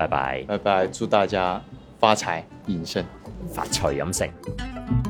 拜拜，拜拜！祝大家發財飲勝、發財飲勝。